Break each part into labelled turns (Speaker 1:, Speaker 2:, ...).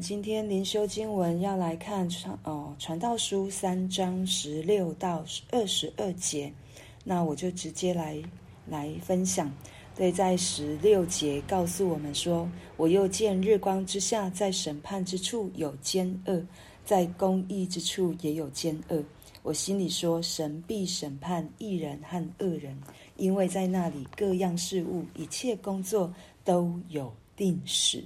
Speaker 1: 今天靈修經文要來看傳哦，傳道書三章十六到二十二節，那我就直接來來分享。對，在十六節告訴我們說：“我又見日光之下，在審判之處有奸惡，在公義之處也有奸惡。我心裡說，神必審判義人和惡人，因為在那裡各樣事物、一切工作都有定時。”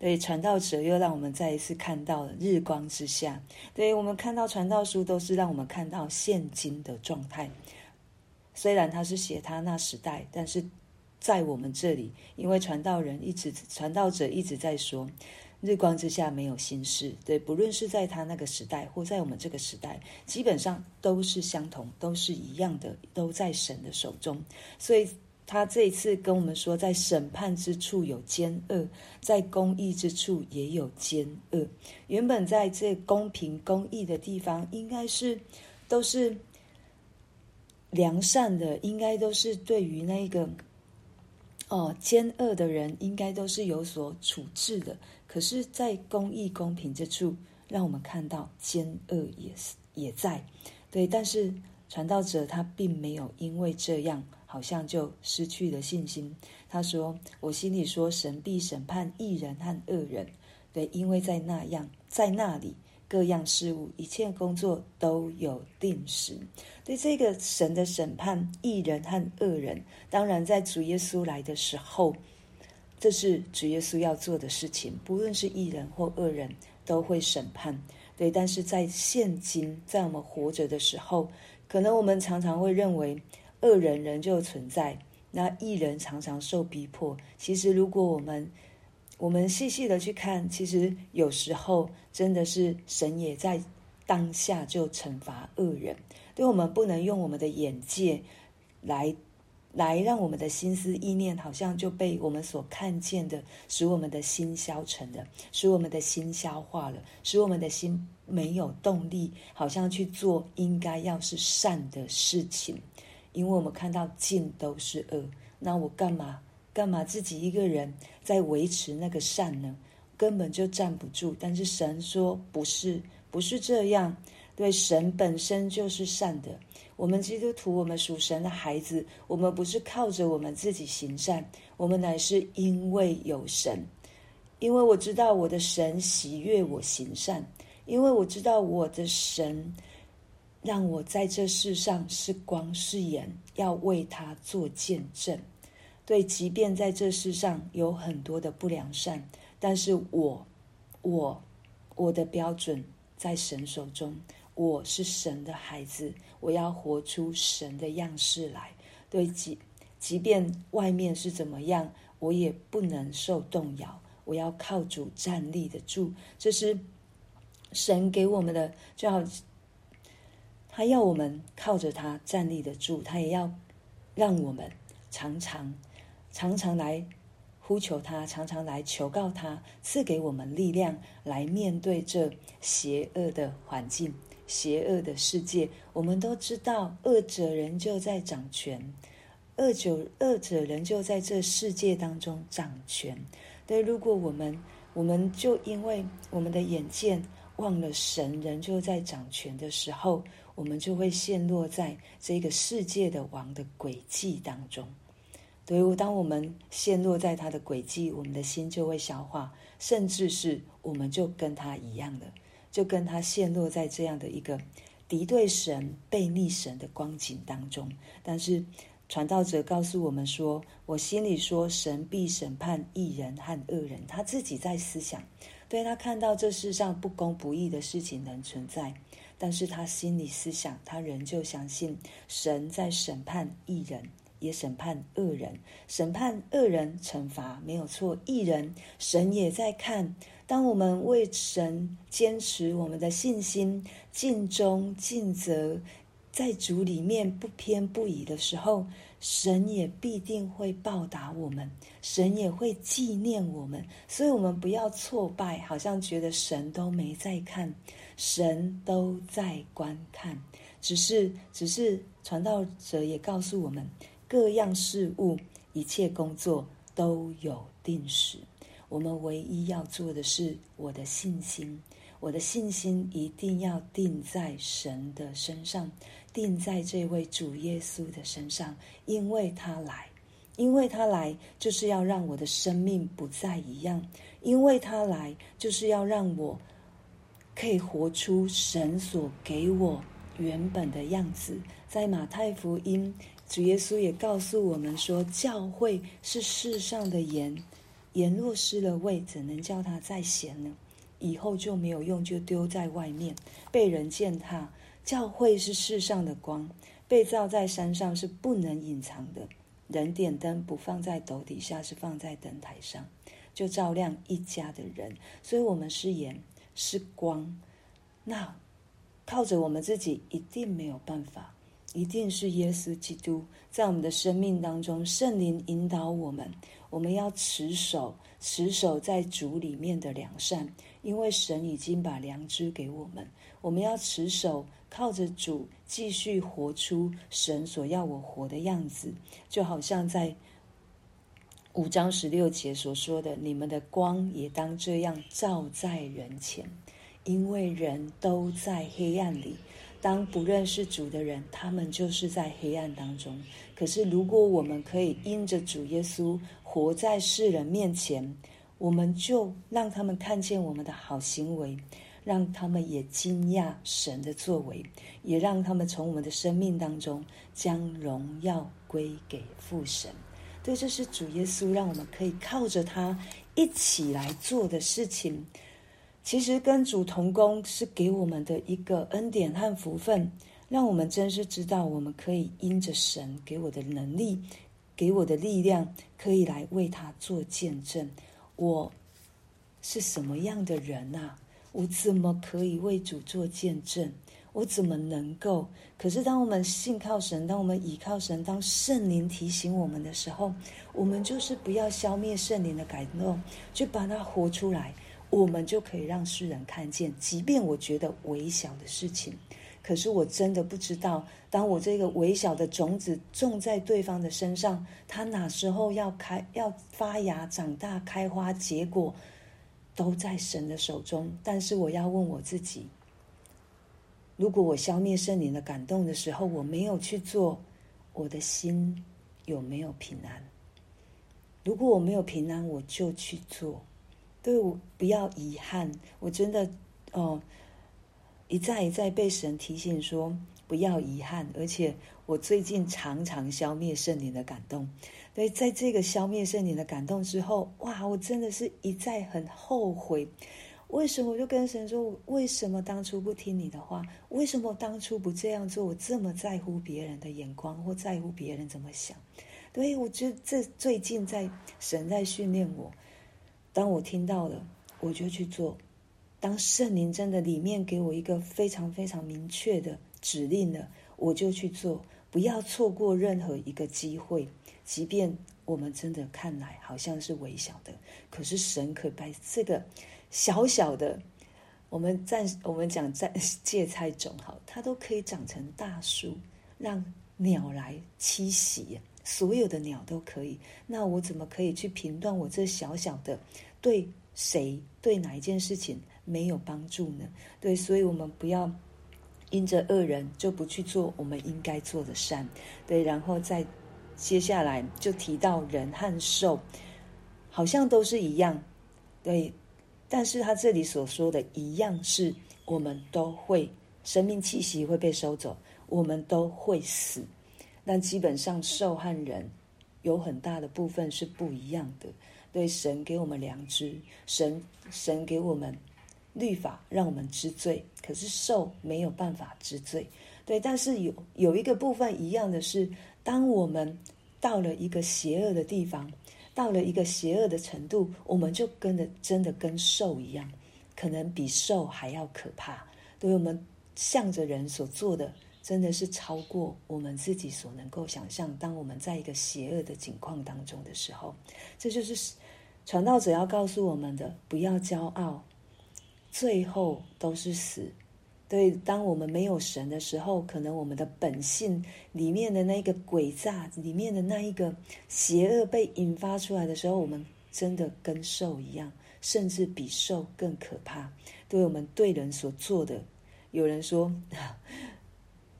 Speaker 1: 對，傳道者又讓我們再一次看到了日光之下，對，我們看到傳道書都是讓我們看到現今的狀態。雖然他是寫他那時代，但是在我們這裡，因為傳道人一直傳道者一直在說“日光之下沒有新事”。對，不論是在他那個時代或在我們這個時代，基本上都是相同，都是一樣的，都在神的手中。所以。他這一次跟我們說，在審判之處有奸惡，在公義之處也有奸惡。原本在這公平公義的地方，應該是都是良善的，應該都是對於那個哦，奸惡的人，應該都是有所處置的。可是，在公義公平之處，讓我們看到奸惡也也在。對，但是傳道者他並沒有因為這樣。好像就失去了信心。他說：“我心裡說，神必審判義人和惡人。對，因為在那樣在那裡，各樣事物、一切工作都有定時。對這個神的審判，義人和惡人，當然在主耶穌來的時候，這是主耶穌要做的事情。不論是義人或惡人，都會審判。對，但是在現今，在我們活着的時候，可能我們常常會認為。”惡人仍舊存在，那義人常常受逼迫。其實，如果我們我們細細的去看，其實有時候真的是神也在當下就懲罰惡人。對，我們不能用我們的眼界來來讓我們的心思意念，好像就被我們所看見的，使我們的心消沉了，使我們的心消化了，使我們的心沒有動力，好像去做應該要是善的事情。因為我們看到盡都是惡，那我幹嘛幹嘛自己一個人在維持那個善呢？根本就站不住。但是神說不是，不是這樣。對，神本身就是善的。我們基督徒，我們屬神的孩子，我們不是靠着我們自己行善，我們乃是因為有神。因為我知道我的神喜悅我行善，因為我知道我的神。讓我在這世上是光是鹽，要為他做見證。對，即便在這世上有很多的不良善，但是我，我，我的標準在神手中。我是神的孩子，我要活出神的樣式來。對，即即便外面是怎麼樣，我也不能受動搖。我要靠主站立得住。這是神給我們的最好。他要我們靠着他站立得住，他也要讓我們常常、常常來呼求他，常常來求告他，賜給我們力量來面對這邪惡的環境、邪惡的世界。我們都知道，惡者仍舊在掌權，惡者仍舊在這世界當中掌權。對，如果我們，我們就因為我們的眼見忘了神，人就在掌權的時候。我們就會陷落在這個世界的王的軌跡當中，對，當我們陷落在他的軌跡，我們的心就會消化，甚至是我們就跟他一樣的，就跟他陷落在這樣的一個敵對神、背逆神的光景當中。但是，傳道者告訴我們說：“我心裡說，神必審判義人和惡人。”他自己在思想，對他看到這世上不公不義的事情能存在。但是他心裡思想，他仍舊相信神在審判義人，也審判惡人，審判惡人懲罰沒有錯，義人神也在看。當我們為神堅持我們的信心，盡忠盡責，在主裡面不偏不倚的時候，神也必定會報答我們，神也會紀念我們。所以，我們不要挫敗，好像覺得神都沒在看。神都在觀看，只是只是傳道者也告訴我們，各樣事物、一切工作都有定時。我們唯一要做的是我的信心，我的信心一定要定在神的身上，定在這位主耶穌的身上，因為他來，因為他來，就是要讓我的生命不再一樣，因為他來，就是要讓我。可以活出神所給我原本的樣子。在馬太福音，主耶穌也告訴我們說：“教會是世上的鹽，鹽若失了味，怎能叫它再鹹呢？以後就沒有用，就丟在外面，被人踐踏。教會是世上的光，被造在山上是不能隱藏的。人點燈不放在斗底下，是放在燈台上，就照亮一家的人。所以，我們是鹽。”是光，那靠着我們自己一定沒有辦法，一定是耶穌基督在我們的生命當中，聖靈引導我們，我們要持守持守在主裡面的良善，因為神已經把良知給我們，我們要持守靠着主繼續活出神所要我活的樣子，就好像在。五章十六節所說的：“你們的光也當這樣照在人前，因為人都在黑暗裡。當不認識主的人，他們就是在黑暗當中。可是，如果我們可以因着主耶穌活在世人面前，我們就讓他們看見我們的好行為，讓他們也驚訝神的作為，也讓他們從我們的生命當中將榮耀歸給父神。”對，這是主耶穌讓我們可以靠着他一起來做的事情。其實跟主同工是給我們的一個恩典和福分，讓我們真是知道我們可以因着神給我的能力、給我的力量，可以來為他做見證。我是什麼樣的人吶啊？我怎麼可以為主做見證？我怎麼能夠？可是當我們信靠神，當我們倚靠神，當聖靈提醒我們的時候，我們就是不要消滅聖靈的感動，就把它活出來，我們就可以讓世人看見。即便我覺得微小的事情，可是我真的不知道，當我這個微小的種子種在對方的身上，它哪時候要開、要發芽、長大、開花、結果，都在神的手中。但是我要問我自己。如果我消滅聖靈的感動的時候，我沒有去做，我的心有沒有平安？如果我沒有平安，我就去做，對，我不要遺憾。我真的哦、呃，一再一再被神提醒說不要遺憾，而且我最近常常消滅聖靈的感動。對，在這個消滅聖靈的感動之後，哇，我真的是一再很後悔。為什麼我就跟神說，為什麼當初不聽你的話？為什麼當初不這樣做？我這麼在乎別人的眼光或在乎別人怎麼想？對，我覺得這最近在神在訓練我。當我聽到了，我就去做。當聖靈真的裡面給我一個非常非常明確的指令了，我就去做。不要錯過任何一個機會，即便我們真的看來好像是微小的，可是神可把這個。小小的，我們暫，我們講在芥菜種好，它都可以長成大樹，讓鳥來棲息，所有的鳥都可以。那我怎麼可以去評斷我這小小的對誰對哪一件事情沒有幫助呢？對，所以我們不要因着惡人就不去做我們應該做的善。對，然後再接下來就提到人和獸，好像都是一樣。對。但是他這裡所說的一樣是，我們都會生命氣息會被收走，我們都會死。但基本上獸和人有很大的部分是不一樣的。對，神給我們良知，神神給我們律法，讓我們知罪。可是獸沒有辦法知罪，對。但是有有一個部分一樣的是，當我們到了一個邪惡的地方，到了一個邪惡的程度，我們就跟的真的跟獸一樣，可能比獸還要可怕。對我們向着人所做的，真的是超過我們自己所能夠想象。當我們在一個邪惡的境況當中的時候，這就是傳道者要告訴我們的：不要驕傲，最後都是死。所以，當我們沒有神的時候，可能我們的本性裡面的那一個詭詐，裡面的那一個邪惡被引發出來的時候，我們真的跟獸一樣，甚至比獸更可怕。對我們對人所做的，有人說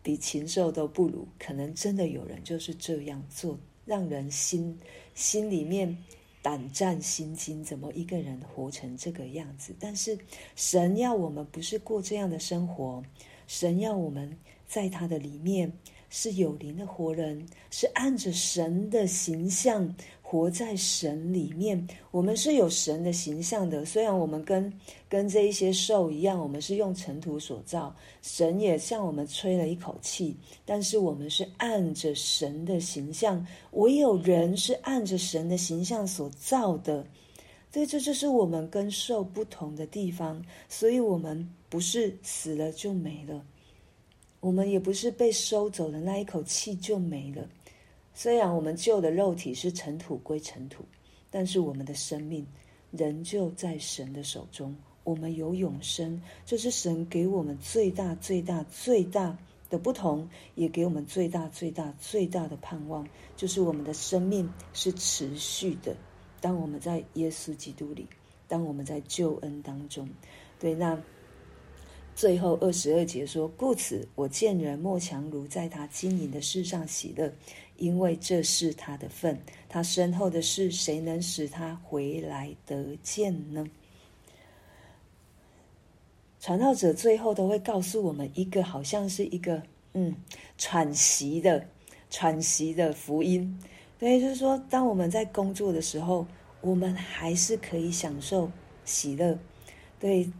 Speaker 1: 比禽獸都不如，可能真的有人就是這樣做，讓人心心裡面，膽戰心驚，怎麼一個人活成這個樣子？但是神要我們不是過這樣的生活，神要我們在他的裡面是有靈的活人，是按着神的形象。活在神裡面，我們是有神的形象的。雖然我們跟跟這一些獸一樣，我們是用塵土所造，神也向我們吹了一口氣，但是我們是按着神的形象，唯有人是按着神的形象所造的。所以這就是我們跟獸不同的地方。所以，我們不是死了就沒了，我們也不是被收走的那一口氣就沒了。雖然我們舊的肉體是塵土歸塵土，但是我們的生命仍舊在神的手中。我們有永生，這、就是神給我們最大、最大、最大的不同，也給我們最大、最大、最大的盼望，就是我們的生命是持續的。當我們在耶穌基督裡，當我們在救恩當中，對，那最後二十二節說：“故此，我見人莫強如在他經營的世上喜樂。”因為這是他的份，他身後的事，誰能使他回來得見呢？傳道者最後都會告訴我們一個，好像是一個嗯喘息的喘息的福音。所以就是說，當我們在工作的時候，我們還是可以享受喜樂。對，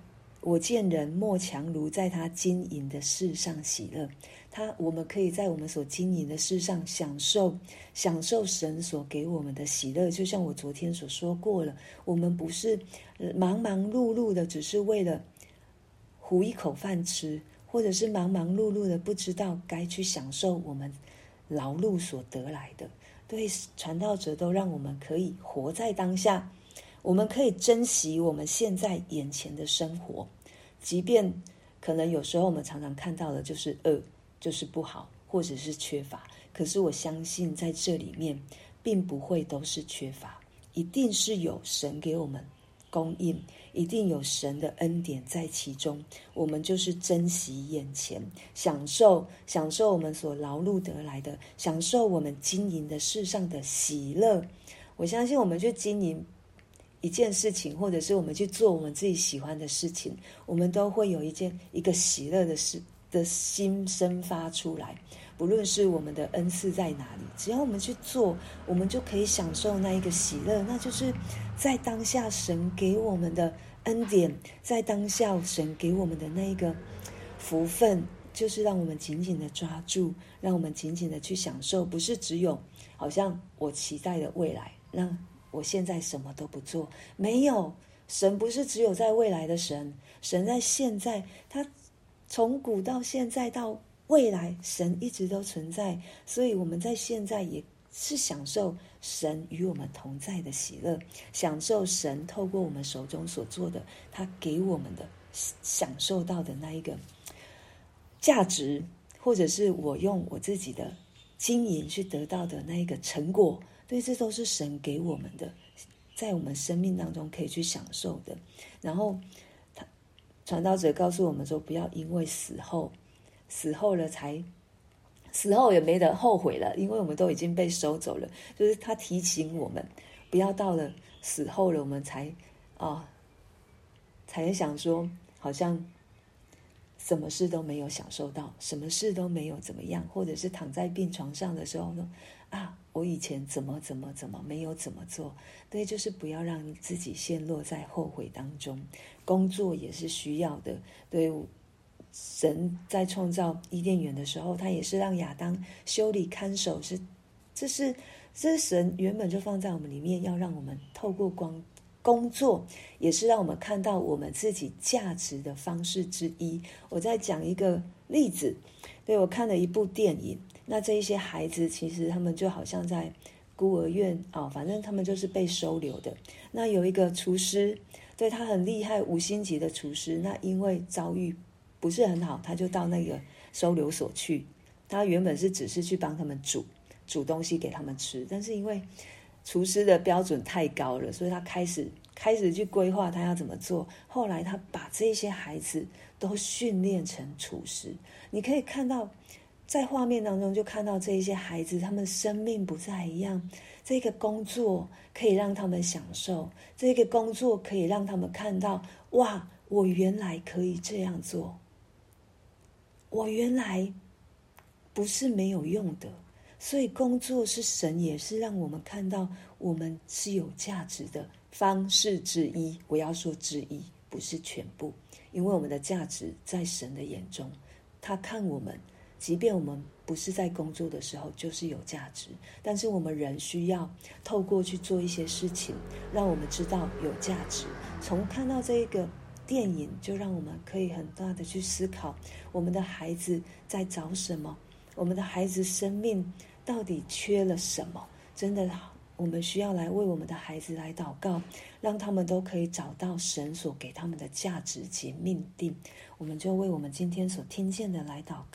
Speaker 1: 我見人莫強如在他經營的事上喜樂。他，我們可以在我們所經營的事上享受享受神所給我們的喜樂，就像我昨天所說過了，我們不是忙忙碌碌的，只是為了糊一口飯吃，或者是忙忙碌碌的不知道該去享受我們勞碌所得來的。對，傳道者都讓我們可以活在當下，我們可以珍惜我們現在眼前的生活，即便可能有時候我們常常看到的就是呃。就是不好，或者是缺乏。可是我相信在這裡面，並不會都是缺乏，一定是有神給我們供應，一定有神的恩典在其中。我們就是珍惜眼前，享受享受我們所勞碌得來的，享受我們經營的世上的喜樂。我相信我們去經營一件事情，或者是我們去做我們自己喜歡的事情，我們都會有一件一個喜樂的事。的心生發出來，不論是我們的恩賜在哪裡，只要我們去做，我們就可以享受那一個喜樂。那就是在當下，神給我們的恩典，在當下，神給我們的那一個福分，就是讓我們緊緊地抓住，讓我們緊緊地去享受。不是只有好像我期待的未來，那我現在什麼都不做，沒有神，不是只有在未來的神，神在現在，他。從古到現在到未來，神一直都存在，所以我們在現在也是享受神與我們同在的喜樂，享受神透過我們手中所做的，他給我們的享受到的那一個價值，或者是我用我自己的經營去得到的那一個成果，對，這都是神給我們的，在我們生命當中可以去享受的。然後。傳道者告訴我們說：“不要因為死後，死後了才死後也沒得後悔了，因為我們都已經被收走了。”就是他提醒我們，不要到了死後了，我們才啊、哦、才想說，好像什麼事都沒有享受到，什麼事都沒有怎麼樣，或者是躺在病床上的時候呢？啊！我以前怎麼怎麼怎麼沒有怎麼做？對，就是不要讓自己陷落，在後悔當中。工作也是需要的。對，神在創造伊甸園的時候，他也是讓亞當修理看守，是這是這是神原本就放在我們裡面，要讓我們透過光工作，也是讓我們看到我們自己價值的方式之一。我再講一個例子。對，我看了一部電影。那這一些孩子其實他們就好像在孤兒院啊，哦，反正他們就是被收留的。那有一個廚師，對他很厲害，五星級的廚師。那因為遭遇不是很好，他就到那個收留所去。他原本是只是去幫他們煮煮東西給他們吃，但是因為廚師的標準太高了，所以他開始開始去規劃他要怎麼做。後來他把這些孩子都訓練成廚師。你可以看到。在畫面當中，就看到這些孩子，他們生命不再一樣。這個工作可以讓他們享受，這個工作可以讓他們看到：哇，我原來可以這樣做，我原來不是沒有用的。所以，工作是神也是讓我們看到我們是有價值的方式之一。我要說，之一不是全部，因為我們的價值在神的眼中，他看我們。即便我們不是在工作的時候，就是有價值。但是我們仍需要透過去做一些事情，讓我們知道有價值。從看到這一個電影，就讓我們可以很大的去思考：我們的孩子在找什麼？我們的孩子生命到底缺了什麼？真的，我們需要來為我們的孩子來禱告，讓他們都可以找到神所給他們的價值及命定。我們就為我們今天所聽見的來禱告。